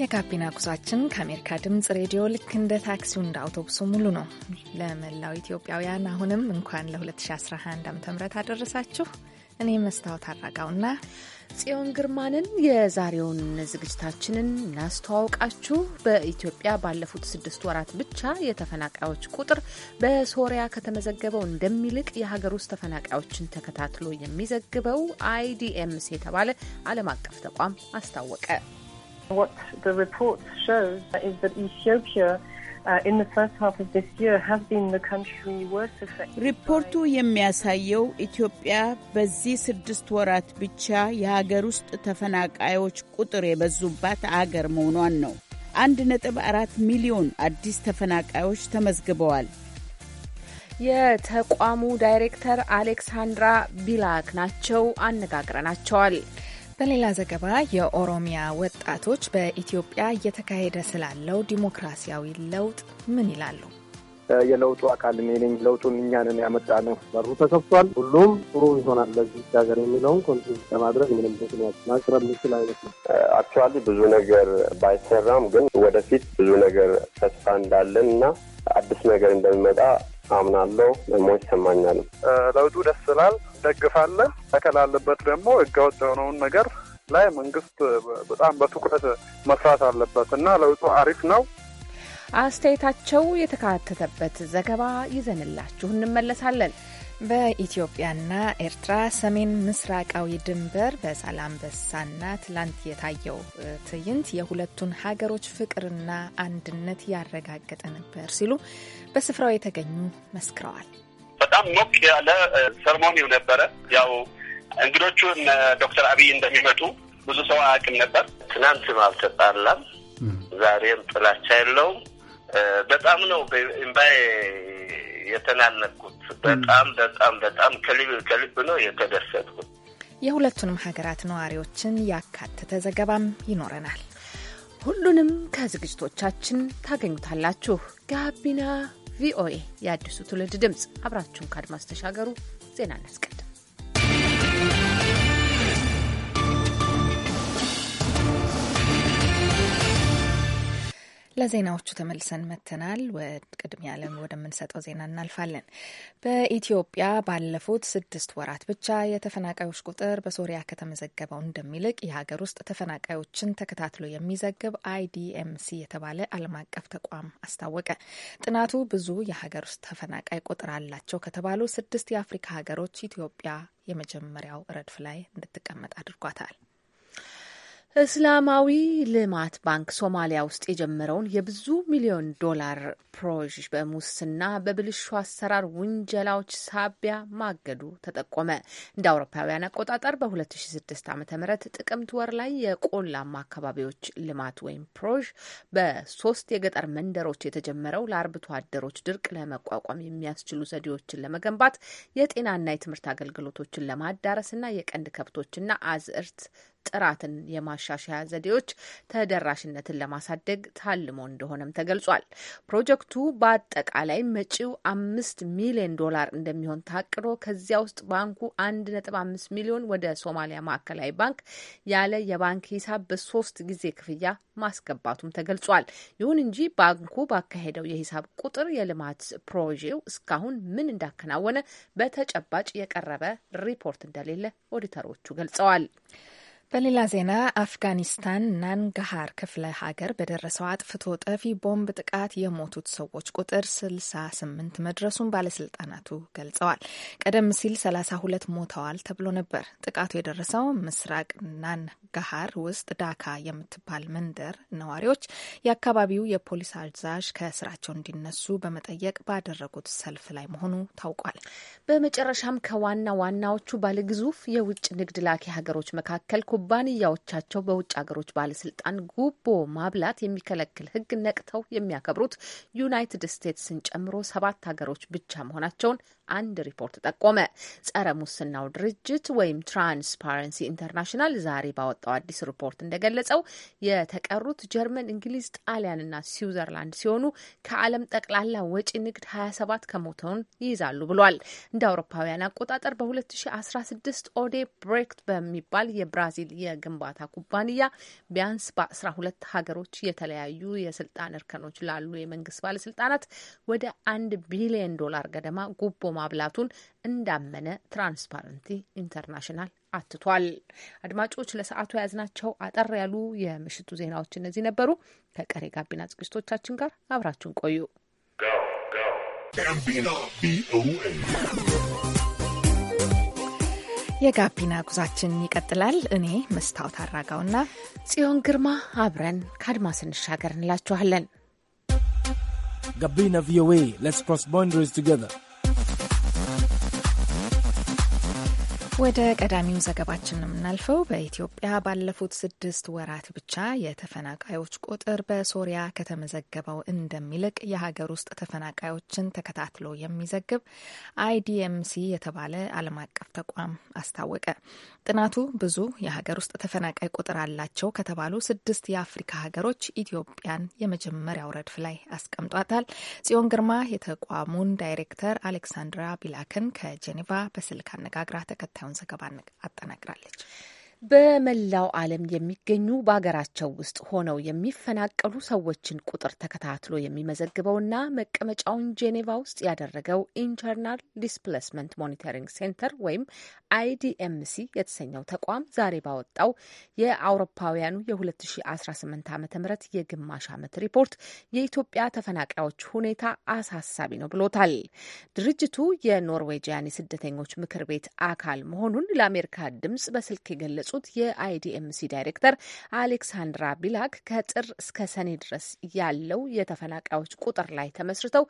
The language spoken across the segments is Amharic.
የጋቢና ጉዟችን ከአሜሪካ ድምፅ ሬዲዮ ልክ እንደ ታክሲው እንደ አውቶቡሱ ሙሉ ነው። ለመላው ኢትዮጵያውያን አሁንም እንኳን ለ2011 .ም አደረሳችሁ። እኔ መስታወት አራጋውና ጽዮን ግርማንን የዛሬውን ዝግጅታችንን እናስተዋውቃችሁ። በኢትዮጵያ ባለፉት ስድስት ወራት ብቻ የተፈናቃዮች ቁጥር በሶሪያ ከተመዘገበው እንደሚልቅ የሀገር ውስጥ ተፈናቃዮችን ተከታትሎ የሚዘግበው አይዲኤምስ የተባለ ዓለም አቀፍ ተቋም አስታወቀ። What the report shows is that Ethiopia ሪፖርቱ uh, የሚያሳየው ኢትዮጵያ በዚህ ስድስት ወራት ብቻ የሀገር ውስጥ ተፈናቃዮች ቁጥር የበዙባት አገር መሆኗን ነው። አንድ ነጥብ አራት ሚሊዮን አዲስ ተፈናቃዮች ተመዝግበዋል። የተቋሙ ዳይሬክተር አሌክሳንድራ ቢላክ ናቸው። አነጋግረናቸዋል። በሌላ ዘገባ የኦሮሚያ ወጣቶች በኢትዮጵያ እየተካሄደ ስላለው ዲሞክራሲያዊ ለውጥ ምን ይላሉ? የለውጡ አካል እኔ ነኝ፣ ለውጡን እኛ ነን ያመጣ ነው፣ በሩ ተከፍቷል፣ ሁሉም ጥሩ ይሆናል ለዚህ ሀገር የሚለውን ኮንትሪቢዩት ለማድረግ ምንም ምክንያት ማቅረብ የሚችል አይነት ነው። አክቹዋሊ ብዙ ነገር ባይሰራም ግን ወደፊት ብዙ ነገር ተስፋ እንዳለን እና አዲስ ነገር እንደሚመጣ አምናለሁ ደግሞ ይሰማኛል። ለውጡ ደስ ስላል እንደግፋለን። ያከላለበት ደግሞ ህገወጥ የሆነውን ነገር ላይ መንግስት በጣም በትኩረት መስራት አለበት እና ለውጡ አሪፍ ነው። አስተያየታቸው የተካተተበት ዘገባ ይዘንላችሁ እንመለሳለን። በኢትዮጵያና ኤርትራ ሰሜን ምስራቃዊ ድንበር በዛላምበሳና ትላንት የታየው ትዕይንት የሁለቱን ሀገሮች ፍቅርና አንድነት ያረጋገጠ ነበር ሲሉ በስፍራው የተገኙ መስክረዋል። በጣም ሞቅ ያለ ሰርሞኒው ነበረ። ያው እንግዶቹ ዶክተር አብይ እንደሚመጡ ብዙ ሰው አያውቅም ነበር። ትናንትም አልተጣላም፣ ዛሬም ጥላቻ የለውም። በጣም ነው እምባዬ የተናነኩት። በጣም በጣም በጣም ከልብ ከልብ ነው የተደሰትኩት። የሁለቱንም ሀገራት ነዋሪዎችን ያካተተ ዘገባም ይኖረናል። ሁሉንም ከዝግጅቶቻችን ታገኙታላችሁ። ጋቢና ቪኦኤ የአዲሱ ትውልድ ድምፅ። አብራችሁን ከአድማስ ተሻገሩ። ዜና እናስቀድም። ለዜናዎቹ ተመልሰን መተናል። ቅድሚያ ዓለም ወደምንሰጠው ዜና እናልፋለን። በኢትዮጵያ ባለፉት ስድስት ወራት ብቻ የተፈናቃዮች ቁጥር በሶሪያ ከተመዘገበው እንደሚልቅ የሀገር ውስጥ ተፈናቃዮችን ተከታትሎ የሚዘግብ አይዲኤምሲ የተባለ ዓለም አቀፍ ተቋም አስታወቀ። ጥናቱ ብዙ የሀገር ውስጥ ተፈናቃይ ቁጥር አላቸው ከተባሉ ስድስት የአፍሪካ ሀገሮች ኢትዮጵያ የመጀመሪያው ረድፍ ላይ እንድትቀመጥ አድርጓታል። እስላማዊ ልማት ባንክ ሶማሊያ ውስጥ የጀመረውን የብዙ ሚሊዮን ዶላር ፕሮጅ በሙስና በብልሹ አሰራር ውንጀላዎች ሳቢያ ማገዱ ተጠቆመ። እንደ አውሮፓውያን አቆጣጠር በ2006 ዓ ም ጥቅምት ወር ላይ የቆላማ አካባቢዎች ልማት ወይም ፕሮጅ በሶስት የገጠር መንደሮች የተጀመረው ለአርብቶ አደሮች ድርቅ ለመቋቋም የሚያስችሉ ዘዴዎችን ለመገንባት የጤናና የትምህርት አገልግሎቶችን ለማዳረስና የቀንድ ከብቶችና አዝእርት ጥራትን የማሻሻያ ዘዴዎች ተደራሽነትን ለማሳደግ ታልሞ እንደሆነም ተገልጿል። ፕሮጀክቱ በአጠቃላይ መጪው አምስት ሚሊዮን ዶላር እንደሚሆን ታቅዶ ከዚያ ውስጥ ባንኩ አንድ ነጥብ አምስት ሚሊዮን ወደ ሶማሊያ ማዕከላዊ ባንክ ያለ የባንክ ሂሳብ በሶስት ጊዜ ክፍያ ማስገባቱም ተገልጿል። ይሁን እንጂ ባንኩ ባካሄደው የሂሳብ ቁጥር የልማት ፕሮጄው እስካሁን ምን እንዳከናወነ በተጨባጭ የቀረበ ሪፖርት እንደሌለ ኦዲተሮቹ ገልጸዋል። በሌላ ዜና አፍጋኒስታን ናንጋሃር ክፍለ ሀገር በደረሰው አጥፍቶ ጠፊ ቦምብ ጥቃት የሞቱት ሰዎች ቁጥር 68 መድረሱን ባለስልጣናቱ ገልጸዋል። ቀደም ሲል 32 ሞተዋል ተብሎ ነበር። ጥቃቱ የደረሰው ምስራቅ ናንጋሃር ውስጥ ዳካ የምትባል መንደር ነዋሪዎች የአካባቢው የፖሊስ አዛዥ ከስራቸው እንዲነሱ በመጠየቅ ባደረጉት ሰልፍ ላይ መሆኑ ታውቋል። በመጨረሻም ከዋና ዋናዎቹ ባለግዙፍ የውጭ ንግድ ላኪ ሀገሮች መካከል ኩባንያዎቻቸው በውጭ ሀገሮች ባለስልጣን ጉቦ ማብላት የሚከለክል ሕግ ነቅተው የሚያከብሩት ዩናይትድ ስቴትስን ጨምሮ ሰባት ሀገሮች ብቻ መሆናቸውን አንድ ሪፖርት ጠቆመ። ጸረ ሙስናው ድርጅት ወይም ትራንስፓረንሲ ኢንተርናሽናል ዛሬ ባወጣው አዲስ ሪፖርት እንደገለጸው የተቀሩት ጀርመን፣ እንግሊዝ፣ ጣሊያንና ስዊዘርላንድ ሲሆኑ ከዓለም ጠቅላላ ወጪ ንግድ 27 ከመቶውን ይይዛሉ ብሏል። እንደ አውሮፓውያን አቆጣጠር በ2016 ኦዴ ብሬክት በሚባል የብራዚል የግንባታ ኩባንያ ቢያንስ በ12 ሀገሮች የተለያዩ የስልጣን እርከኖች ላሉ የመንግስት ባለስልጣናት ወደ አንድ ቢሊዮን ዶላር ገደማ ጉቦ ማብላቱን እንዳመነ ትራንስፓረንቲ ኢንተርናሽናል አትቷል። አድማጮች ለሰዓቱ የያዝናቸው አጠር ያሉ የምሽቱ ዜናዎች እነዚህ ነበሩ። ከቀሬ ጋቢና ዝግጅቶቻችን ጋር አብራችሁን ቆዩ። የጋቢና ጉዟችን ይቀጥላል። እኔ መስታወት አራጋውና ጽዮን ግርማ አብረን ከአድማስ እንሻገር እንላችኋለን። ጋቢና ቪኦኤ ሌትስ ክሮስ ቦንደሪስ ቱጌዘር ወደ ቀዳሚው ዘገባችን የምናልፈው በኢትዮጵያ ባለፉት ስድስት ወራት ብቻ የተፈናቃዮች ቁጥር በሶሪያ ከተመዘገበው እንደሚልቅ የሀገር ውስጥ ተፈናቃዮችን ተከታትሎ የሚዘግብ አይዲኤምሲ የተባለ ዓለም አቀፍ ተቋም አስታወቀ። ጥናቱ ብዙ የሀገር ውስጥ ተፈናቃይ ቁጥር አላቸው ከተባሉ ስድስት የአፍሪካ ሀገሮች ኢትዮጵያን የመጀመሪያው ረድፍ ላይ አስቀምጧታል። ጽዮን ግርማ የተቋሙን ዳይሬክተር አሌክሳንድራ ቢላክን ከጄኔቫ በስልክ አነጋግራ ተከታዩ የተከታተለውን ዘገባ አጠናቅራለች። በመላው ዓለም የሚገኙ በሀገራቸው ውስጥ ሆነው የሚፈናቀሉ ሰዎችን ቁጥር ተከታትሎ የሚመዘግበውና መቀመጫውን ጄኔቫ ውስጥ ያደረገው ኢንተርናል ዲስፕሌስመንት ሞኒተሪንግ ሴንተር ወይም አይዲኤምሲ የተሰኘው ተቋም ዛሬ ባወጣው የአውሮፓውያኑ የ2018 ዓ ም የግማሽ ዓመት ሪፖርት የኢትዮጵያ ተፈናቃዮች ሁኔታ አሳሳቢ ነው ብሎታል። ድርጅቱ የኖርዌጂያን የስደተኞች ምክር ቤት አካል መሆኑን ለአሜሪካ ድምጽ በስልክ የገለጹ የገለጹት የአይዲኤምሲ ዳይሬክተር አሌክሳንድራ ቢላክ ከጥር እስከ ሰኔ ድረስ ያለው የተፈናቃዮች ቁጥር ላይ ተመስርተው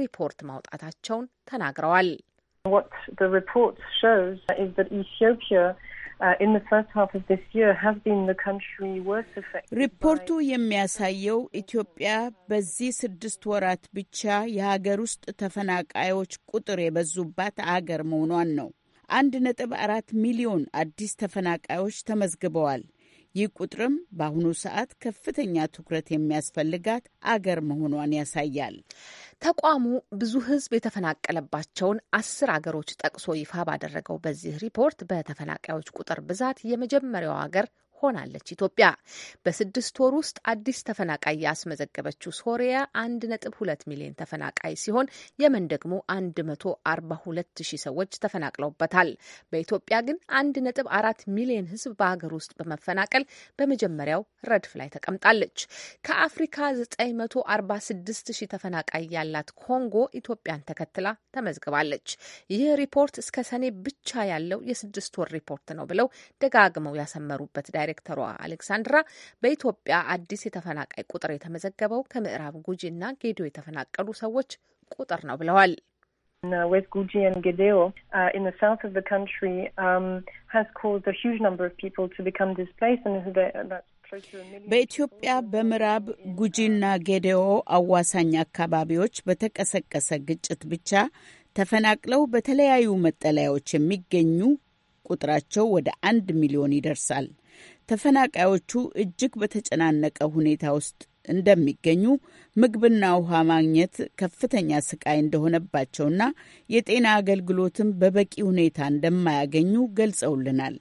ሪፖርት ማውጣታቸውን ተናግረዋል። uh, ሪፖርቱ የሚያሳየው ኢትዮጵያ በዚህ ስድስት ወራት ብቻ የሀገር ውስጥ ተፈናቃዮች ቁጥር የበዙባት አገር መሆኗን ነው። አንድ ነጥብ አራት ሚሊዮን አዲስ ተፈናቃዮች ተመዝግበዋል። ይህ ቁጥርም በአሁኑ ሰዓት ከፍተኛ ትኩረት የሚያስፈልጋት አገር መሆኗን ያሳያል። ተቋሙ ብዙ ሕዝብ የተፈናቀለባቸውን አስር አገሮች ጠቅሶ ይፋ ባደረገው በዚህ ሪፖርት በተፈናቃዮች ቁጥር ብዛት የመጀመሪያው አገር ሆናለች ኢትዮጵያ። በስድስት ወር ውስጥ አዲስ ተፈናቃይ ያስመዘገበችው ሶሪያ አንድ ነጥብ ሁለት ሚሊዮን ተፈናቃይ ሲሆን የመን ደግሞ አንድ መቶ አርባ ሁለት ሺህ ሰዎች ተፈናቅለውበታል። በኢትዮጵያ ግን አንድ ነጥብ አራት ሚሊዮን ህዝብ በሀገር ውስጥ በመፈናቀል በመጀመሪያው ረድፍ ላይ ተቀምጣለች። ከአፍሪካ ዘጠኝ መቶ አርባ ስድስት ሺህ ተፈናቃይ ያላት ኮንጎ ኢትዮጵያን ተከትላ ተመዝግባለች። ይህ ሪፖርት እስከ ሰኔ ብቻ ያለው የስድስት ወር ሪፖርት ነው ብለው ደጋግመው ያሰመሩበት ዳይሬክት ዳይሬክተሯ አሌክሳንድራ በኢትዮጵያ አዲስ የተፈናቃይ ቁጥር የተመዘገበው ከምዕራብ ጉጂ እና ጌዲዮ የተፈናቀሉ ሰዎች ቁጥር ነው ብለዋል። ዌስት ጉጂ ኤንድ ጌዲኦ ኢን ኦፍ ካንትሪ ሃዝ ኮዝድ ሂውጅ ኦፍ ፒፕል ቱ ቢካም ዲስፕሌይስድ በኢትዮጵያ በምዕራብ ጉጂና ጌዴኦ አዋሳኝ አካባቢዎች በተቀሰቀሰ ግጭት ብቻ ተፈናቅለው በተለያዩ መጠለያዎች የሚገኙ ቁጥራቸው ወደ አንድ ሚሊዮን ይደርሳል። ተፈናቃዮቹ እጅግ በተጨናነቀ ሁኔታ ውስጥ እንደሚገኙ ምግብና ውሃ ማግኘት ከፍተኛ ስቃይ እንደሆነባቸውና የጤና አገልግሎትም በበቂ ሁኔታ እንደማያገኙ ገልጸውልናል።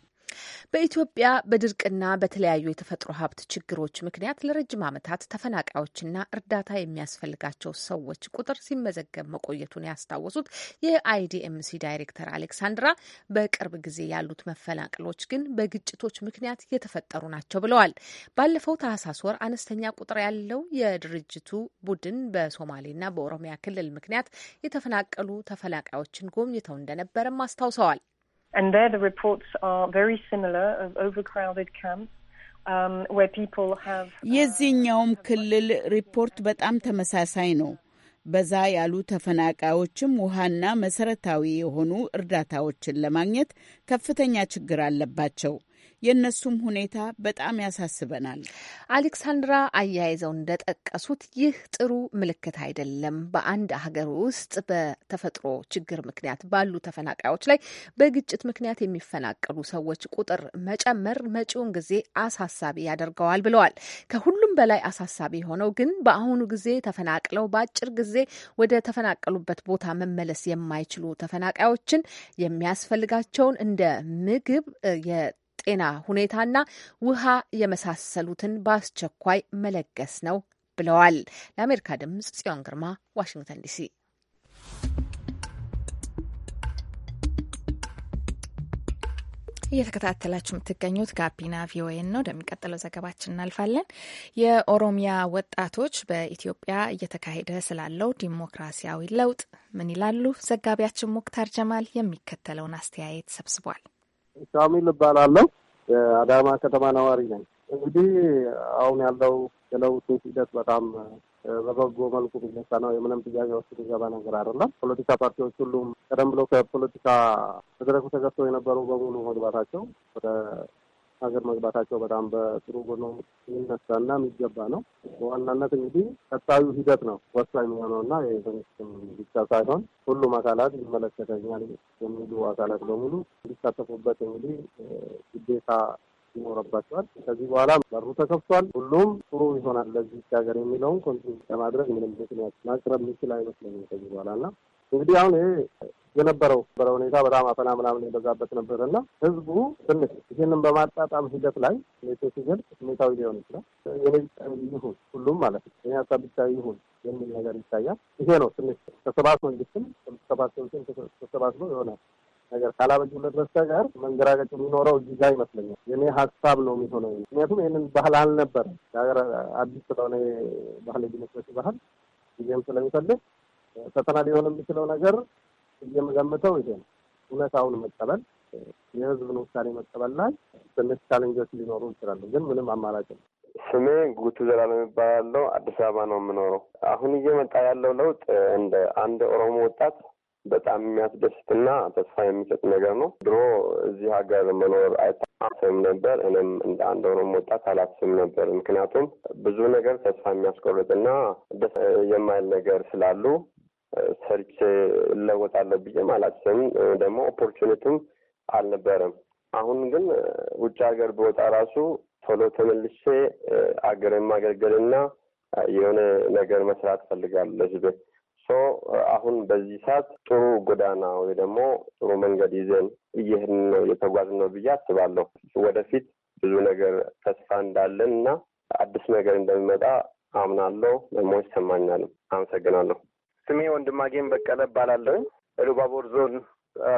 በኢትዮጵያ በድርቅና በተለያዩ የተፈጥሮ ሀብት ችግሮች ምክንያት ለረጅም ዓመታት ተፈናቃዮችና እርዳታ የሚያስፈልጋቸው ሰዎች ቁጥር ሲመዘገብ መቆየቱን ያስታወሱት የአይዲኤምሲ ዳይሬክተር አሌክሳንድራ በቅርብ ጊዜ ያሉት መፈናቅሎች ግን በግጭቶች ምክንያት የተፈጠሩ ናቸው ብለዋል። ባለፈው ታህሳስ ወር አነስተኛ ቁጥር ያለው የድርጅቱ ቡድን በሶማሌና በኦሮሚያ ክልል ምክንያት የተፈናቀሉ ተፈናቃዮችን ጎብኝተው እንደነበረም አስታውሰዋል። And there, the reports are very similar of overcrowded camps. Um, uh, የዚህኛውም ክልል ሪፖርት በጣም ተመሳሳይ ነው። በዛ ያሉ ተፈናቃዮችም ውሃና መሰረታዊ የሆኑ እርዳታዎችን ለማግኘት ከፍተኛ ችግር አለባቸው። የእነሱም ሁኔታ በጣም ያሳስበናል። አሌክሳንድራ አያይዘው እንደጠቀሱት ይህ ጥሩ ምልክት አይደለም። በአንድ ሀገር ውስጥ በተፈጥሮ ችግር ምክንያት ባሉ ተፈናቃዮች ላይ በግጭት ምክንያት የሚፈናቀሉ ሰዎች ቁጥር መጨመር መጪውን ጊዜ አሳሳቢ ያደርገዋል ብለዋል። ከሁሉም በላይ አሳሳቢ የሆነው ግን በአሁኑ ጊዜ ተፈናቅለው በአጭር ጊዜ ወደ ተፈናቀሉበት ቦታ መመለስ የማይችሉ ተፈናቃዮችን የሚያስፈልጋቸውን እንደ ምግብ ጤና ሁኔታና ውሃ የመሳሰሉትን በአስቸኳይ መለገስ ነው ብለዋል። ለአሜሪካ ድምጽ ጽዮን ግርማ ዋሽንግተን ዲሲ። እየተከታተላችሁ የምትገኙት ጋቢና ቪኦኤን ነው። ወደሚቀጥለው ዘገባችን እናልፋለን። የኦሮሚያ ወጣቶች በኢትዮጵያ እየተካሄደ ስላለው ዲሞክራሲያዊ ለውጥ ምን ይላሉ? ዘጋቢያችን ሙክታር ጀማል የሚከተለውን አስተያየት ሰብስቧል። ሻሚል እባላለሁ። አዳማ ከተማ ነዋሪ ነኝ። እንግዲህ አሁን ያለው የለውጡ ሂደት በጣም በበጎ መልኩ የሚነሳ ነው። የምንም ጥያቄ ውስጥ የሚገባ ነገር አይደለም። ፖለቲካ ፓርቲዎች ሁሉም ቀደም ብሎ ከፖለቲካ መድረኩ ተገፍተው የነበሩ በሙሉ መግባታቸው ወደ ሀገር መግባታቸው በጣም በጥሩ ጎኖ የሚነሳና የሚገባ ነው። በዋናነት እንግዲህ ቀጣዩ ሂደት ነው ወሳኝ የሚሆነውና የመንግስትም ብቻ ሳይሆን ሁሉም አካላት ይመለከተኛል የሚሉ አካላት በሙሉ እንዲሳተፉበት እንግዲህ ግዴታ ይኖረባቸዋል። ከዚህ በኋላ በሩ ተከፍቷል፣ ሁሉም ጥሩ ይሆናል ለዚህ ሀገር የሚለውን ኮንትሪቢዩት ለማድረግ ምንም ምክንያት ማቅረብ የሚችል አይመስለኝም ከዚህ በኋላ እና እንግዲህ አሁን ይሄ የነበረው በረ ሁኔታ በጣም አፈና ምናምን የበዛበት ነበር እና ህዝቡ ትንሽ ይህንን በማጣጣም ሂደት ላይ ሴት ሲገል ሁኔታዊ ሊሆን ይችላል። የኔ ብቻ ይሁን ሁሉም ማለት ነው የኔ ሀሳብ ብቻ ይሁን የሚል ነገር ይታያል። ይሄ ነው ትንሽ ተሰባስ መንግስትም ተሰባስበን ተሰባስበው ይሆናል ነገር ካላበጁለት ጋር መንገራገጭ የሚኖረው እዚህ ጋ ይመስለኛል። የኔ ሀሳብ ነው የሚሆነው። ምክንያቱም ይህንን ባህል አልነበረ ሀገር አዲስ ስለሆነ ባህል ዲሞክራሲ ባህል ጊዜም ስለሚፈልግ ፈተና ሊሆን የሚችለው ነገር የምገምተው ይሄ ነው። እውነታውን መቀበል፣ የህዝብን ውሳኔ መቀበል ላይ ትንሽ ቻለንጆች ሊኖሩ ይችላሉ፣ ግን ምንም አማራጭ ነው። ስሜ ጉቱ ዘላለም ይባላለው። አዲስ አበባ ነው የምኖረው። አሁን እየመጣ ያለው ለውጥ እንደ አንድ ኦሮሞ ወጣት በጣም የሚያስደስትና ተስፋ የሚሰጥ ነገር ነው። ድሮ እዚህ ሀገር መኖር አይታሰብም ነበር። እኔም እንደ አንድ ኦሮሞ ወጣት አላስብም ነበር። ምክንያቱም ብዙ ነገር ተስፋ የሚያስቆርጥና ደስ የማይል ነገር ስላሉ ሰርች እለወጣለሁ ብዬም አላሰብም። ደግሞ ኦፖርቹኒቲም አልነበረም። አሁን ግን ውጭ ሀገር በወጣ ራሱ ቶሎ ተመልሼ አገርን ማገልገልና የሆነ ነገር መስራት ፈልጋለሁ ለህዝብ ሶ አሁን በዚህ ሰዓት ጥሩ ጎዳና ወይ ደግሞ ጥሩ መንገድ ይዘን እየሄድን ነው እየተጓዝን ነው ብዬ አስባለሁ። ወደፊት ብዙ ነገር ተስፋ እንዳለን እና አዲስ ነገር እንደሚመጣ አምናለሁ ደግሞ ይሰማኛልም። አመሰግናለሁ። ስሜ ወንድማገኝ በቀለ እባላለሁ። ሉባቦር ዞን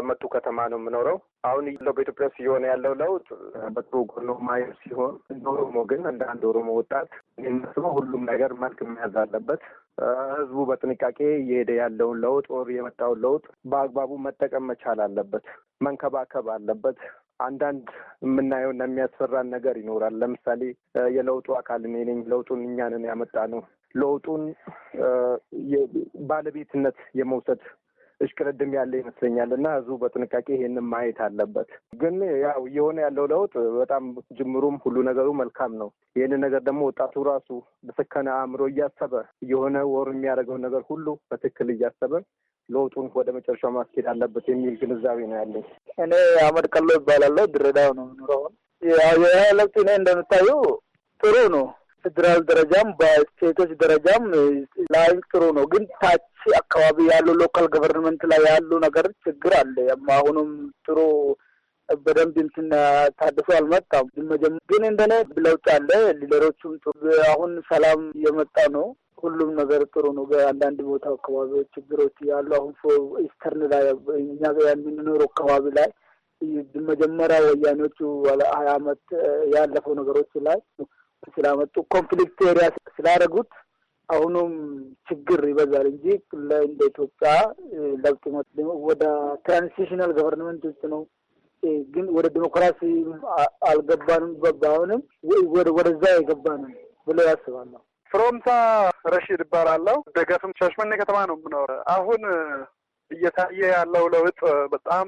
መቱ ከተማ ነው የምኖረው። አሁን ለው በኢትዮጵያ ውስጥ እየሆነ ያለው ለውጥ በጥሩ ጎኖ ማየው ሲሆን እንደ ኦሮሞ ግን እንደ አንድ ኦሮሞ ወጣት የሚመስለው ሁሉም ነገር መልክ መያዝ አለበት። ህዝቡ በጥንቃቄ እየሄደ ያለውን ለውጥ ወር የመጣውን ለውጥ በአግባቡ መጠቀም መቻል አለበት፣ መንከባከብ አለበት። አንዳንድ የምናየውና የሚያስፈራን ነገር ይኖራል። ለምሳሌ የለውጡ አካል እኔ ነኝ፣ ለውጡን እኛንን ያመጣ ነው፣ ለውጡን ባለቤትነት የመውሰድ እሽቅድድም ያለ ይመስለኛል እና ህዝቡ በጥንቃቄ ይሄንን ማየት አለበት። ግን ያው እየሆነ ያለው ለውጥ በጣም ጅምሩም ሁሉ ነገሩ መልካም ነው። ይህንን ነገር ደግሞ ወጣቱ ራሱ በሰከነ አእምሮ እያሰበ እየሆነ ወር የሚያደርገው ነገር ሁሉ በትክክል እያሰበ ለውጡን ወደ መጨረሻው ማስኬድ አለበት የሚል ግንዛቤ ነው ያለኝ። እኔ አህመድ ቀሎ ይባላለሁ። ድሬዳዋ ነው ኑረሆን ለውጥ እኔ እንደምታዩ ጥሩ ነው። ፌዴራል ደረጃም በስቴቶች ደረጃም ላይ ጥሩ ነው። ግን ታች አካባቢ ያሉ ሎካል ገቨርንመንት ላይ ያሉ ነገር ችግር አለ። አሁኑም ጥሩ በደንብ እንትን ታድሶ አልመጣም። ግን እንደኔ ለውጥ አለ። ሊደሮቹም አሁን ሰላም እየመጣ ነው። ሁሉም ነገር ጥሩ ነው። በአንዳንድ ቦታ አካባቢዎች ችግሮች ያሉ አሁን ኢስተርን ላይ እኛ የምንኖረው አካባቢ ላይ መጀመሪያ ወያኔዎቹ ሀያ አመት ያለፈው ነገሮች ላይ ስላመጡ ኮንፍሊክት ኤሪያ ስላደረጉት አሁኑም ችግር ይበዛል እንጂ እንደ ኢትዮጵያ ለውጥ ወደ ትራንዚሽናል ገቨርንመንት ውስጥ ነው ግን ወደ ዲሞክራሲ አልገባንም። በአሁንም ወደዛ የገባንም ብለው ያስባለሁ። ፍሮምታ ረሺድ እባላለሁ። ደገፍም ሻሸመኔ ከተማ ነው የምኖር። አሁን እየታየ ያለው ለውጥ በጣም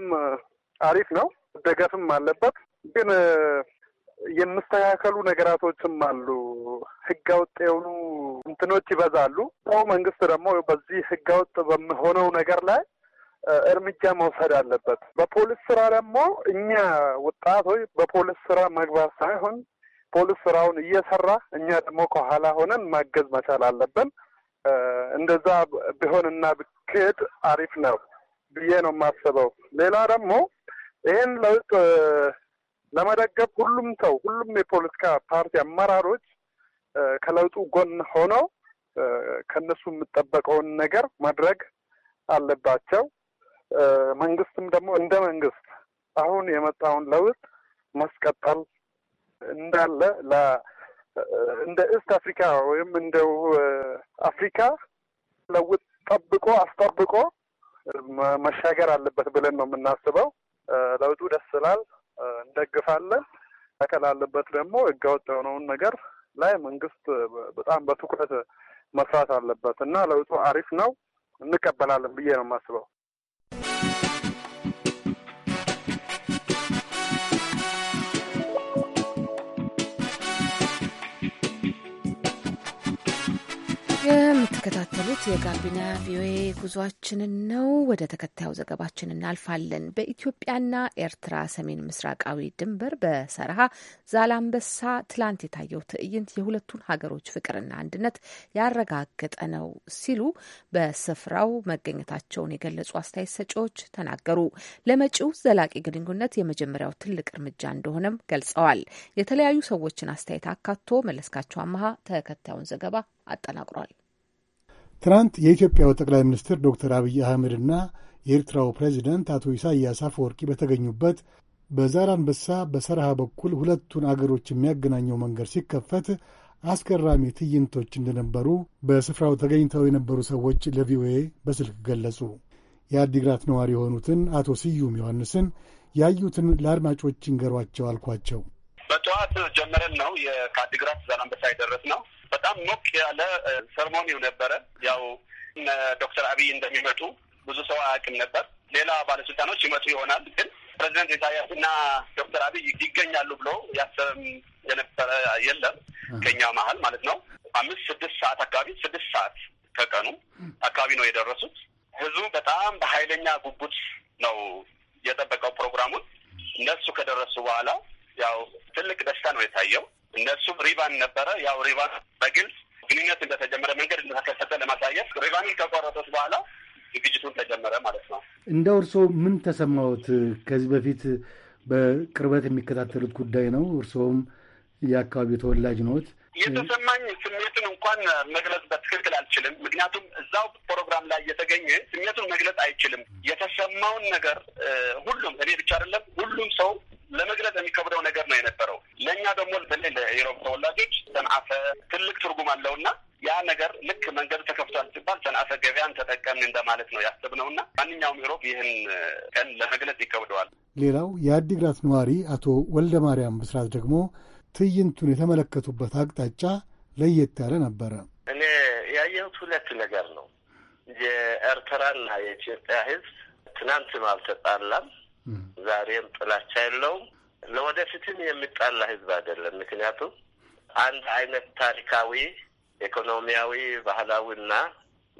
አሪፍ ነው። ደገፍም አለበት፣ ግን የምስተካከሉ ነገራቶችም አሉ። ህገ ወጥ የሆኑ እንትኖች ይበዛሉ። ሰው መንግስት ደግሞ በዚህ ህገ ወጥ በሚሆነው ነገር ላይ እርምጃ መውሰድ አለበት። በፖሊስ ስራ ደግሞ እኛ ወጣቶች በፖሊስ ስራ መግባት ሳይሆን ፖሊስ ስራውን እየሰራ እኛ ደግሞ ከኋላ ሆነን ማገዝ መቻል አለብን። እንደዛ ቢሆንና ብክሄድ አሪፍ ነው ብዬ ነው የማስበው። ሌላ ደግሞ ይህን ለውጥ ለመደገፍ ሁሉም ሰው ሁሉም የፖለቲካ ፓርቲ አመራሮች ከለውጡ ጎን ሆነው ከእነሱ የምጠበቀውን ነገር ማድረግ አለባቸው። መንግስትም ደግሞ እንደ መንግስት አሁን የመጣውን ለውጥ ማስቀጠል እንዳለ እንደ ኢስት አፍሪካ ወይም እንደው አፍሪካ ለውጥ ጠብቆ አስጠብቆ መሻገር አለበት ብለን ነው የምናስበው። ለውጡ ደስ ስላል እንደግፋለን። ተከል አለበት ደግሞ ህገወጥ የሆነውን ነገር ላይ መንግስት በጣም በትኩረት መስራት አለበት እና ለውጡ አሪፍ ነው እንቀበላለን ብዬ ነው የማስበው። የምትከታተሉት የጋቢና ቪኦኤ ጉዟችንን ነው። ወደ ተከታዩ ዘገባችን እናልፋለን። በኢትዮጵያና ኤርትራ ሰሜን ምስራቃዊ ድንበር በሰርሃ ዛላምበሳ ትላንት የታየው ትዕይንት የሁለቱን ሀገሮች ፍቅርና አንድነት ያረጋገጠ ነው ሲሉ በስፍራው መገኘታቸውን የገለጹ አስተያየት ሰጪዎች ተናገሩ። ለመጪው ዘላቂ ግንኙነት የመጀመሪያው ትልቅ እርምጃ እንደሆነም ገልጸዋል። የተለያዩ ሰዎችን አስተያየት አካቶ መለስካቸው አመሀ ተከታዩን ዘገባ አጠናቅሯል። ትናንት የኢትዮጵያው ጠቅላይ ሚኒስትር ዶክተር አብይ አህመድና የኤርትራው ፕሬዚደንት አቶ ኢሳያስ አፈወርቂ በተገኙበት በዛላንበሳ በሰርሃ በኩል ሁለቱን አገሮች የሚያገናኘው መንገድ ሲከፈት አስገራሚ ትዕይንቶች እንደነበሩ በስፍራው ተገኝተው የነበሩ ሰዎች ለቪኦኤ በስልክ ገለጹ። የአዲግራት ነዋሪ የሆኑትን አቶ ስዩም ዮሐንስን ያዩትን ለአድማጮች ይንገሯቸው አልኳቸው። በጠዋት ጀመረን ነው ከአዲግራት ዛላንበሳ የደረስ ነው በጣም ሞቅ ያለ ሰርሞኒው ነበረ። ያው ዶክተር አብይ እንደሚመጡ ብዙ ሰው አያውቅም ነበር። ሌላ ባለስልጣኖች ይመጡ ይሆናል ግን ፕሬዚደንት ኢሳያስ እና ዶክተር አብይ ይገኛሉ ብሎ ያሰብም የነበረ የለም ከኛ መሀል ማለት ነው። አምስት ስድስት ሰዓት አካባቢ ስድስት ሰዓት ከቀኑ አካባቢ ነው የደረሱት። ህዝቡ በጣም በኃይለኛ ጉጉት ነው የጠበቀው ፕሮግራሙን። እነሱ ከደረሱ በኋላ ያው ትልቅ ደስታ ነው የታየው። እነሱም ሪቫን ነበረ። ያው ሪቫን በግልጽ ግንኙነት እንደተጀመረ መንገድ እንደተከፈተ ለማሳየት ሪቫንን ከቆረጡት በኋላ ዝግጅቱን ተጀመረ ማለት ነው። እንደ እርስዎ ምን ተሰማዎት? ከዚህ በፊት በቅርበት የሚከታተሉት ጉዳይ ነው። እርስዎም የአካባቢው ተወላጅ ነዎት። የተሰማኝ ስሜቱን እንኳን መግለጽ በትክክል አልችልም። ምክንያቱም እዛው ፕሮግራም ላይ የተገኘ ስሜቱን መግለጽ አይችልም። የተሰማውን ነገር ሁሉም እኔ ብቻ አይደለም፣ ሁሉም ሰው ለመግለጽ የሚከብደው ነገር ነው የነበረው። ለእኛ ደግሞ በተለይ ለኢሮብ ተወላጆች ሰንአፈ ትልቅ ትርጉም አለውና ያ ነገር ልክ መንገዱ ተከፍቷል ሲባል ሰንአፈ ገበያን ተጠቀምን እንደማለት ነው ያስብነው እና ማንኛውም ኢሮብ ይህን ቀን ለመግለጽ ይከብደዋል። ሌላው የአዲግራት ነዋሪ አቶ ወልደ ማርያም ብስራት ደግሞ ትዕይንቱን የተመለከቱበት አቅጣጫ ለየት ያለ ነበረ። እኔ ያየሁት ሁለት ነገር ነው። የኤርትራና የኢትዮጵያ ሕዝብ ትናንትም አልተጣላም ዛሬም ጥላቻ የለውም። ለወደፊትም የሚጣላ ህዝብ አይደለም። ምክንያቱም አንድ አይነት ታሪካዊ፣ ኢኮኖሚያዊ፣ ባህላዊና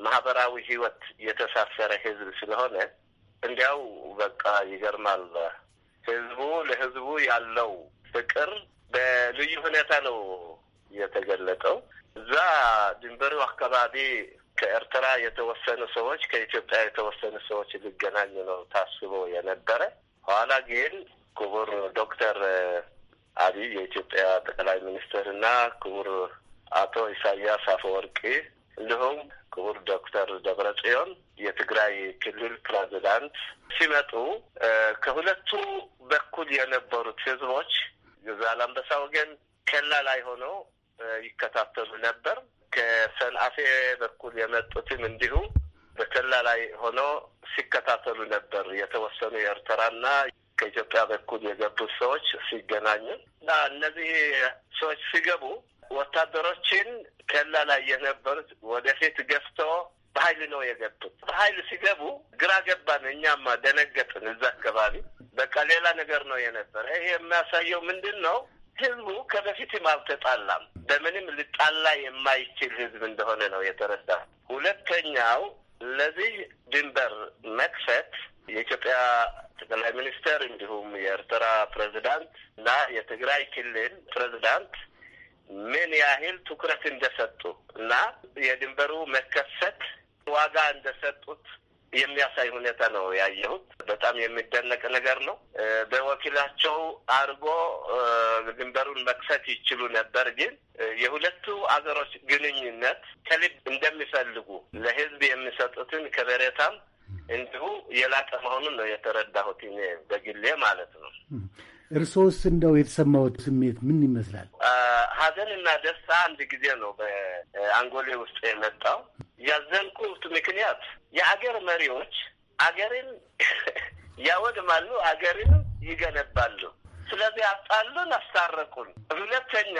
ማህበራዊ ህይወት የተሳሰረ ህዝብ ስለሆነ እንዲያው በቃ ይገርማል። ህዝቡ ለህዝቡ ያለው ፍቅር በልዩ ሁኔታ ነው የተገለጠው። እዛ ድንበሩ አካባቢ ከኤርትራ የተወሰኑ ሰዎች ከኢትዮጵያ የተወሰኑ ሰዎች ሊገናኙ ነው ታስቦ የነበረ ኋላ ግን ክቡር ዶክተር አብይ የኢትዮጵያ ጠቅላይ ሚኒስትር እና ክቡር አቶ ኢሳያስ አፈወርቂ እንዲሁም ክቡር ዶክተር ደብረ ጽዮን የትግራይ ክልል ፕሬዚዳንት ሲመጡ ከሁለቱ በኩል የነበሩት ህዝቦች ዛላምበሳ ወገን ከላ ላይ ሆነው ይከታተሉ ነበር። ከሰልአፌ በኩል የመጡትም እንዲሁ በከላ ላይ ሆኖ ሲከታተሉ ነበር። የተወሰኑ የኤርትራና ከኢትዮጵያ በኩል የገቡት ሰዎች ሲገናኙ እና እነዚህ ሰዎች ሲገቡ ወታደሮችን ከላ ላይ የነበሩት ወደፊት ገፍቶ በኃይል ነው የገቡት። በኃይል ሲገቡ ግራ ገባን፣ እኛማ ደነገጥን። እዛ አካባቢ በቃ ሌላ ነገር ነው የነበረ። ይሄ የሚያሳየው ምንድን ነው? ህዝቡ ከበፊትም አልተጣላም። በምንም ልጣላ የማይችል ህዝብ እንደሆነ ነው የተረዳ። ሁለተኛው ለዚህ ድንበር መክፈት የኢትዮጵያ ጠቅላይ ሚኒስትር እንዲሁም የኤርትራ ፕሬዚዳንት እና የትግራይ ክልል ፕሬዚዳንት ምን ያህል ትኩረት እንደሰጡ እና የድንበሩ መከፈት ዋጋ እንደሰጡት የሚያሳይ ሁኔታ ነው ያየሁት። በጣም የሚደነቅ ነገር ነው። በወኪላቸው አድርጎ ድንበሩን መክፈት ይችሉ ነበር፣ ግን የሁለቱ አገሮች ግንኙነት ከልብ እንደሚፈልጉ ለህዝብ የሚሰጡትን ከበሬታም እንዲሁ የላቀ መሆኑን ነው የተረዳሁት በግሌ ማለት ነው። እርሶስ እንደው የተሰማዎት ስሜት ምን ይመስላል? ሀዘንና ደስታ አንድ ጊዜ ነው በአንጎሌ ውስጥ የመጣው። ያዘንኩት ምክንያት የአገር መሪዎች አገርን ያወድማሉ፣ አገርን ይገነባሉ። ስለዚህ አጣሉን፣ አስታረቁን። ሁለተኛ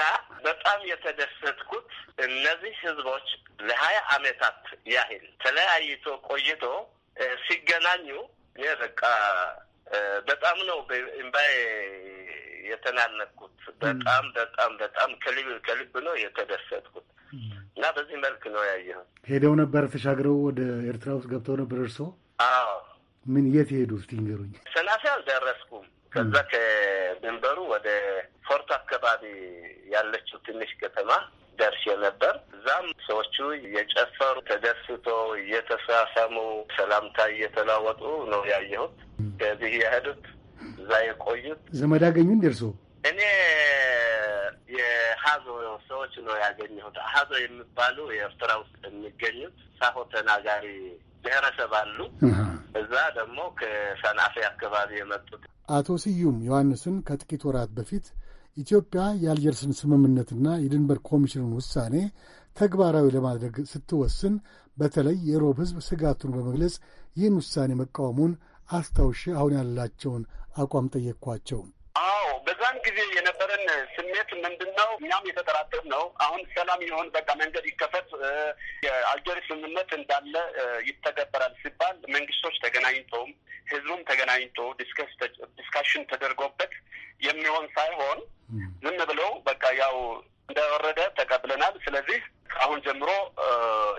በጣም የተደሰትኩት እነዚህ ህዝቦች ለሀያ አመታት ያህል ተለያይቶ ቆይቶ ሲገናኙ በቃ በጣም ነው እምባዬ የተናነቅኩት። በጣም በጣም በጣም ከልብ ከልብ ነው የተደሰትኩት። እና በዚህ መልክ ነው ያየኸው። ሄደው ነበር ተሻግረው ወደ ኤርትራ ውስጥ ገብተው ነበር እርስዎ? አዎ። ምን የት ሄዱ እስቲ ንገሩኝ። ሰላሴ አልደረስኩም። ከዛ ከድንበሩ ወደ ፎርቶ አካባቢ ያለችው ትንሽ ከተማ ደርሼ ነበር። እዛም ሰዎቹ እየጨፈሩ ተደስቶ እየተሳሰሙ ሰላምታ እየተላወጡ ነው ያየሁት። ከዚህ ያሄዱት እዛ የቆዩት ዘመድ አገኙ እንደ እኔ አሀዞ ሰዎች ነው ያገኘሁት። አሀዞ የሚባሉ የኤርትራ ውስጥ የሚገኙት ሳሆ ተናጋሪ ብሔረሰብ አሉ። እዛ ደግሞ ከሰናፌ አካባቢ የመጡት አቶ ስዩም ዮሐንስን ከጥቂት ወራት በፊት ኢትዮጵያ የአልጀርስን ስምምነትና የድንበር ኮሚሽኑን ውሳኔ ተግባራዊ ለማድረግ ስትወስን በተለይ የሮብ ሕዝብ ስጋቱን በመግለጽ ይህን ውሳኔ መቃወሙን አስታውሼ አሁን ያላቸውን አቋም ጠየቅኳቸው። አዎ በዛን ጊዜ የነበረን ስሜት ምንድን ነው? እኛም የተጠራጠር ነው። አሁን ሰላም ይሆን በቃ መንገድ ይከፈት የአልጀሪ ስምምነት እንዳለ ይተገበራል ሲባል መንግስቶች ተገናኝተውም ህዝቡም ተገናኝቶ ዲስካሽን ተደርጎበት የሚሆን ሳይሆን ዝም ብለው በቃ ያው እንደወረደ ተቀብለናል። ስለዚህ አሁን ጀምሮ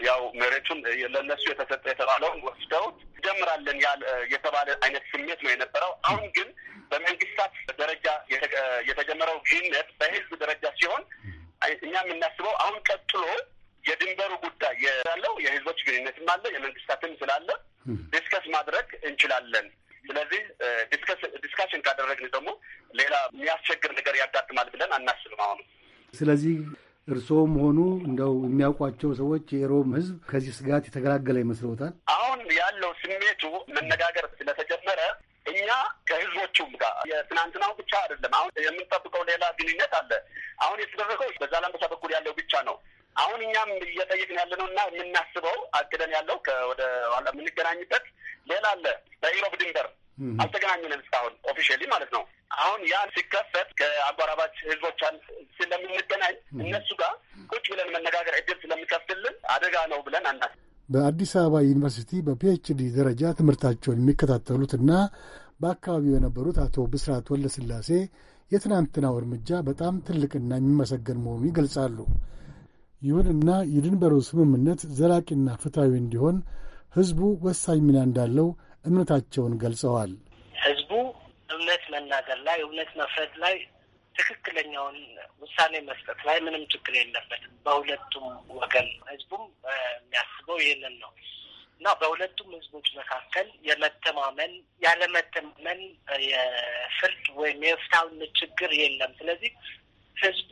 ያው መሬቱን ለነሱ የተሰጠ የተባለውን ወስደውት ጀምራለን የተባለ አይነት ስሜት ነው የነበረው። አሁን ግን የጀመረው ግንኙነት በህዝብ ደረጃ ሲሆን እኛ የምናስበው አሁን ቀጥሎ የድንበሩ ጉዳይ ያለው የህዝቦች ግንኙነትም አለ የመንግስታትም ስላለ ዲስከስ ማድረግ እንችላለን። ስለዚህ ዲስካሽን ካደረግን ደግሞ ሌላ የሚያስቸግር ነገር ያጋጥማል ብለን አናስብም። አሁኑ ስለዚህ እርስዎም ሆኑ እንደው የሚያውቋቸው ሰዎች የሮም ህዝብ ከዚህ ስጋት የተገላገለ ይመስለታል? አሁን ያለው ስሜቱ መነጋገር ስለተጀመረ እኛ ከህዝቦቹም ጋር የትናንትናው ብቻ አይደለም። አሁን የምንጠብቀው ሌላ ግንኙነት አለ። አሁን የተደረገው በዛላምበሳ በኩል ያለው ብቻ ነው። አሁን እኛም እየጠየቅን ያለ ነው እና የምናስበው አቅደን ያለው ወደ ኋላ የምንገናኝበት ሌላ አለ። በኢሮብ ድንበር አልተገናኘንም እስካሁን ኦፊሻሊ ማለት ነው። አሁን ያን ሲከፈት ከአጎራባች ህዝቦቻን ስለምንገናኝ እነሱ ጋር ቁጭ ብለን መነጋገር እድል ስለሚከፍትልን አደጋ ነው ብለን አናስብ በአዲስ አበባ ዩኒቨርሲቲ በፒኤችዲ ደረጃ ትምህርታቸውን የሚከታተሉትና በአካባቢው የነበሩት አቶ ብስራት ወለስላሴ የትናንትናው እርምጃ በጣም ትልቅና የሚመሰገን መሆኑን ይገልጻሉ። ይሁንና የድንበሩ ስምምነት ዘላቂና ፍትሐዊ እንዲሆን ህዝቡ ወሳኝ ሚና እንዳለው እምነታቸውን ገልጸዋል። ህዝቡ እውነት መናገር ላይ፣ እውነት መፍረድ ላይ ትክክለኛውን ውሳኔ መስጠት ላይ ምንም ችግር የለበትም። በሁለቱም ወገን ህዝቡም የሚያስበው ይህንን ነው እና በሁለቱም ህዝቦች መካከል የመተማመን ያለመተማመን የፍርድ ወይም የፍትሐዊነት ችግር የለም። ስለዚህ ህዝቡ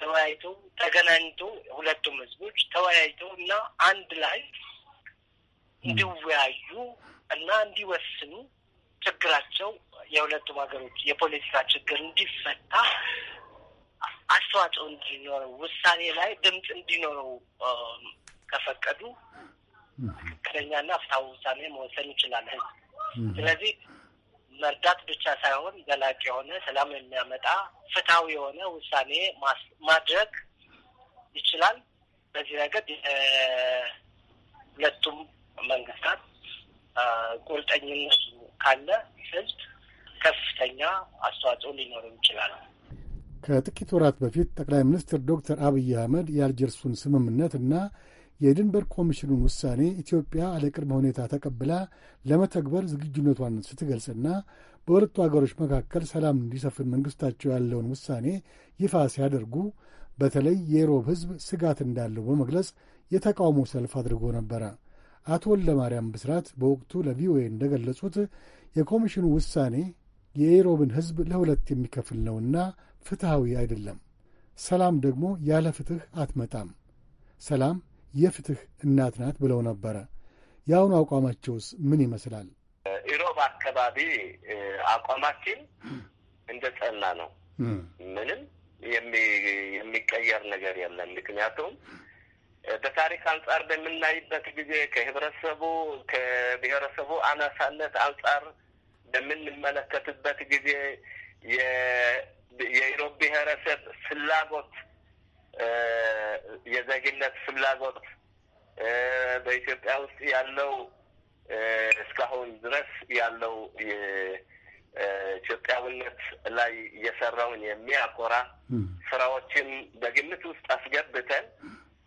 ተወያይቶ ተገናኝቶ ሁለቱም ህዝቦች ተወያይቶ እና አንድ ላይ እንዲወያዩ እና እንዲወስኑ ችግራቸው የሁለቱም ሀገሮች የፖለቲካ ችግር እንዲፈታ አስተዋጽኦ እንዲኖረው ውሳኔ ላይ ድምፅ እንዲኖረው ከፈቀዱ ትክክለኛና ፍትሐዊ ውሳኔ መወሰን ይችላል ህዝብ። ስለዚህ መርዳት ብቻ ሳይሆን ዘላቂ የሆነ ሰላም የሚያመጣ ፍትሐዊ የሆነ ውሳኔ ማድረግ ይችላል። በዚህ ረገድ ሁለቱም መንግስታት ቁርጠኝነቱ ካለ ህዝብ ከፍተኛ አስተዋጽኦ ሊኖረው ይችላል። ከጥቂት ወራት በፊት ጠቅላይ ሚኒስትር ዶክተር አብይ አህመድ የአልጀርሱን ስምምነት እና የድንበር ኮሚሽኑን ውሳኔ ኢትዮጵያ አለቅድመ ሁኔታ ተቀብላ ለመተግበር ዝግጁነቷን ስትገልጽና በሁለቱ አገሮች መካከል ሰላም እንዲሰፍን መንግሥታቸው ያለውን ውሳኔ ይፋ ሲያደርጉ በተለይ የሮብ ሕዝብ ስጋት እንዳለው በመግለጽ የተቃውሞ ሰልፍ አድርጎ ነበረ። አቶ ወልደማርያም ብስራት በወቅቱ ለቪኦኤ እንደገለጹት የኮሚሽኑ ውሳኔ የኢሮብን ሕዝብ ለሁለት የሚከፍል ነውና ፍትሐዊ አይደለም። ሰላም ደግሞ ያለ ፍትሕ አትመጣም። ሰላም የፍትሕ እናት ናት ብለው ነበረ። የአሁኑ አቋማቸውስ ምን ይመስላል? ኢሮብ አካባቢ አቋማችን እንደ ጸና ነው። ምንም የሚቀየር ነገር የለም። ምክንያቱም በታሪክ አንጻር በምናይበት ጊዜ ከህብረተሰቡ ከብሔረሰቡ አናሳነት አንጻር በምንመለከትበት ጊዜ የኢሮብ ብሔረሰብ ፍላጎት የዜግነት ፍላጎት በኢትዮጵያ ውስጥ ያለው እስካሁን ድረስ ያለው ኢትዮጵያዊነት ላይ የሰራውን የሚያኮራ ስራዎችን በግምት ውስጥ አስገብተን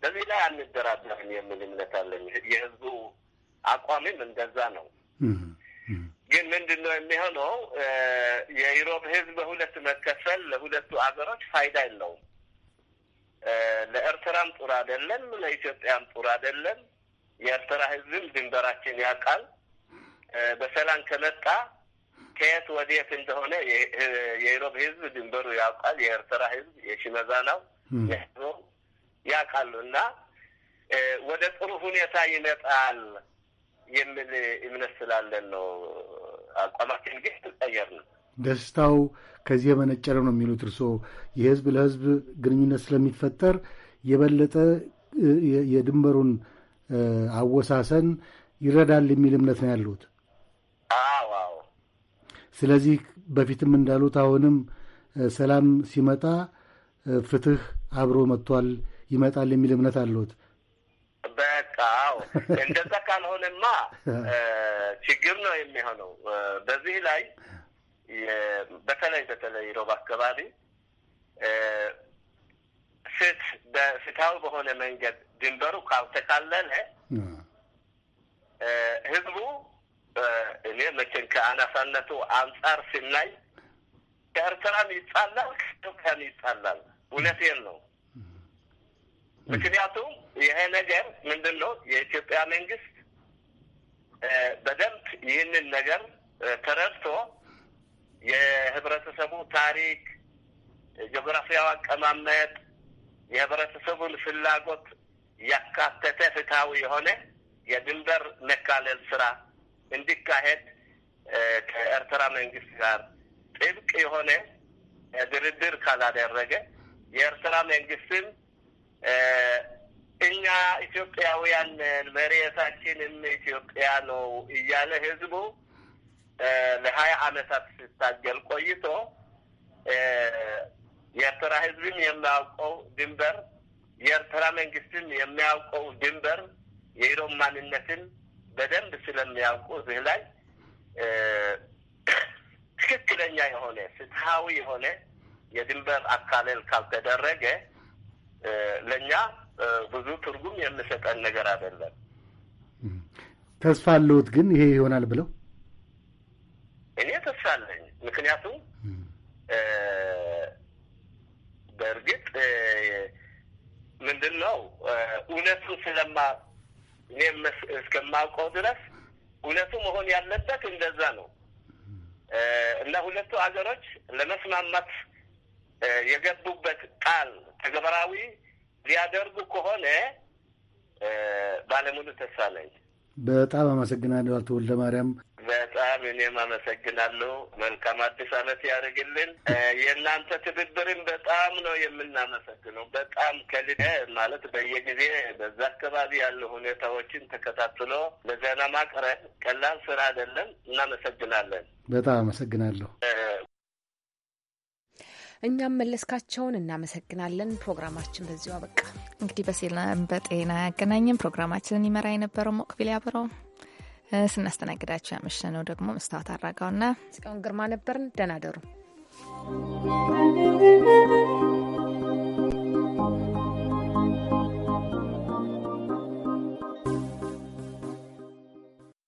በዚህ ላይ አንደራደርም የሚል እምነት አለኝ። የህዝቡ አቋምም እንደዛ ነው። ግን ምንድን ነው የሚሆነው? የኢሮብ ህዝብ በሁለት መከፈል ለሁለቱ ሀገሮች ፋይዳ የለውም። ለኤርትራም ጥሩ አይደለም፣ ለኢትዮጵያም ጥሩ አይደለም። የኤርትራ ህዝብም ድንበራችን ያውቃል። በሰላም ከመጣ ከየት ወዴት እንደሆነ የኢሮብ ህዝብ ድንበሩ ያውቃል። የኤርትራ ህዝብ የሽመዛናው ያውቃሉ እና ወደ ጥሩ ሁኔታ ይመጣል የሚል እምነት ስላለን ነው። አቋማችን ግን ነው። ደስታው ከዚህ የመነጨ ነው የሚሉት እርስዎ የህዝብ ለህዝብ ግንኙነት ስለሚፈጠር የበለጠ የድንበሩን አወሳሰን ይረዳል የሚል እምነት ነው ያሉት። አዎ አዎ። ስለዚህ በፊትም እንዳሉት አሁንም ሰላም ሲመጣ ፍትህ አብሮ መጥቷል፣ ይመጣል የሚል እምነት አለሁት። አዎ እንደዛ ካልሆነማ ችግር ነው የሚሆነው። በዚህ ላይ በተለይ በተለይ ሮብ አካባቢ ስት በፍትሃዊ በሆነ መንገድ ድንበሩ ካልተካለለ ህዝቡ እኔ መቼም ከአናሳነቱ አንጻር ስናይ ከኤርትራም ይጻላል ከኢትዮጵያም ይጻላል። እውነቴን ነው። ምክንያቱም ይሄ ነገር ምንድን ነው የኢትዮጵያ መንግስት በደንብ ይህንን ነገር ተረድቶ የህብረተሰቡ ታሪክ፣ ጂኦግራፊያዊ አቀማመጥ፣ የህብረተሰቡን ፍላጎት ያካተተ ፍትሐዊ የሆነ የድንበር መካለል ስራ እንዲካሄድ ከኤርትራ መንግስት ጋር ጥብቅ የሆነ ድርድር ካላደረገ የኤርትራ መንግስትም እኛ ኢትዮጵያውያን መሬታችንም ኢትዮጵያ ነው እያለ ህዝቡ ለሀያ አመታት ሲታገል ቆይቶ የኤርትራ ህዝብም የሚያውቀው ድንበር የኤርትራ መንግስትም የሚያውቀው ድንበር የኢሮብ ማንነትን በደንብ ስለሚያውቁ እዚህ ላይ ትክክለኛ የሆነ ፍትሀዊ የሆነ የድንበር አካለል ካልተደረገ ለእኛ ብዙ ትርጉም የምሰጠን ነገር አይደለም። ተስፋ አለሁት ግን ይሄ ይሆናል ብለው እኔ ተስፋ አለኝ። ምክንያቱም በእርግጥ ምንድን ነው እውነቱን ስለማ እኔ እስከማውቀው ድረስ እውነቱ መሆን ያለበት እንደዛ ነው እና ሁለቱ ሀገሮች ለመስማማት የገቡበት ቃል ተግባራዊ ሊያደርጉ ከሆነ ባለሙሉ ተስፋ ነኝ። በጣም አመሰግናለሁ አቶ ወልደ ማርያም። በጣም እኔም አመሰግናለሁ። መልካም አዲስ ዓመት ያደርግልን። የእናንተ ትብብርን በጣም ነው የምናመሰግነው። በጣም ከል ማለት በየጊዜ በዛ አካባቢ ያሉ ሁኔታዎችን ተከታትሎ ለዜና ማቅረብ ቀላል ስራ አይደለም። እናመሰግናለን። በጣም አመሰግናለሁ። እኛም መለስካቸውን እናመሰግናለን። ፕሮግራማችን በዚሁ አበቃ። እንግዲህ በሰላም በጤና ያገናኘን። ፕሮግራማችንን ይመራ የነበረው ሞቅቢል ያብረው፣ ስናስተናግዳቸው ያመሸነው ደግሞ መስታወት አራጋውና ጽዮን ግርማ ነበርን። ደህና ደሩ።